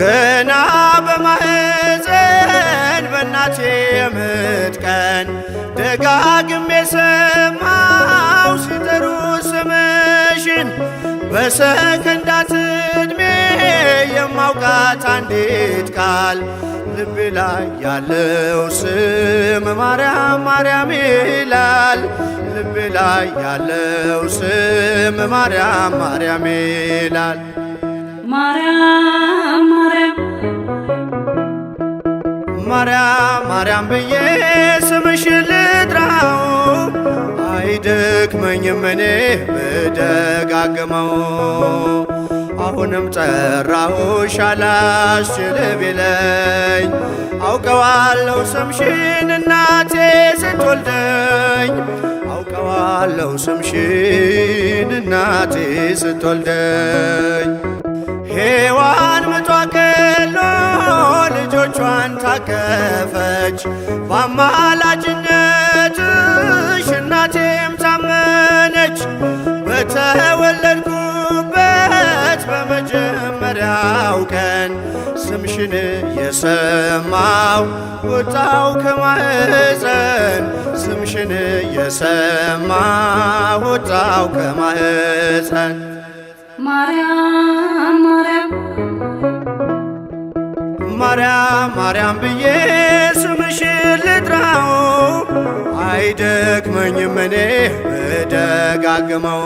ገና በማህፀን በእናቴ የምጥ ቀን ደጋግሜ ሰማው ሲጠሩ ስምሽን በሰከንዳት ዕድሜ የማውቃት አንዲት ቃል ልቤ ላይ ያለው ስም ማርያም ማርያም ይላል። ልቤ ላይ ያለው ስም ማርያም ማርያም ይላል። ማርያም ማርያም ማርያም ማርያም ብዬ ስምሽን ልጥራው አይደክመኝም እኔ ብደጋግመው አሁንም ጠራሁሽ አላስችል ቢለኝ አውቀዋለሁ ስምሽን እናቴ ስትወልደኝ አውቀዋለሁ ስምሽን እናቴ ስትወልደኝ ሔዋን ምጧ ቀሎ ልጆቿን ታቀፈች በአማላጅነትሽ እናቴም ታመነች በተወለድኩበት በመጀመሪያው ቀን ስምሽን የሰማው ወጣው ከማህፀን ስምሽን የሰማው ወጣው ከማህፀን ማርያም ማርያም ማርያም ማርያም ብዬ ስምሽን ልጥራው አይደክመኝም እኔ ብደጋግመው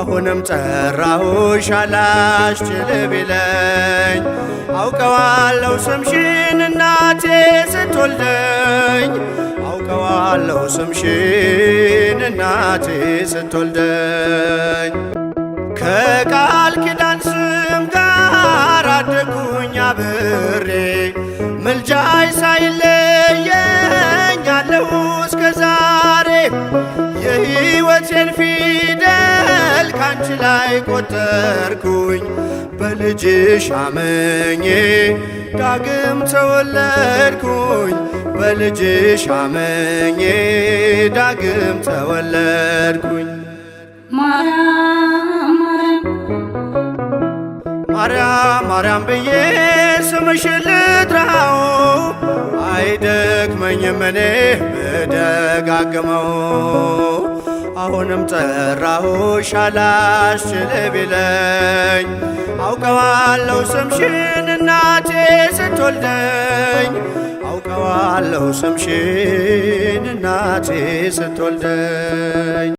አሁንም ጠራሁሽ አላስችል ቢለኝ አውቀዋለሁ ስምሽን እናቴ ስትወልደኝ አውቀዋለሁ ስምሽን እናቴ ስትወልደኝ ከቃል ኪዳን ስም ጋር አደጉኝ አብሬ ምልጃይ ሳይለየኝ አለው እስከ ዛሬ የሕይወቴን ፊደል ካንቺ ላይ ቆጠርኩኝ በልጅሽ አመኜ ዳግም ተወለድኩኝ በልጅሽ አመኜ ዳግም ተወለድኩኝ ማርያም ማርያም ብዬ ስምሽን ልጥራው አይደክመኝም እኔ ብደጋግመው አሁንም ጠራሁ አላስችል ቢለኝ አውቀዋለሁ ስምሽን እናቴ ስትወልደኝ አውቀዋለሁ ስምሽን እናቴ ስትወልደኝ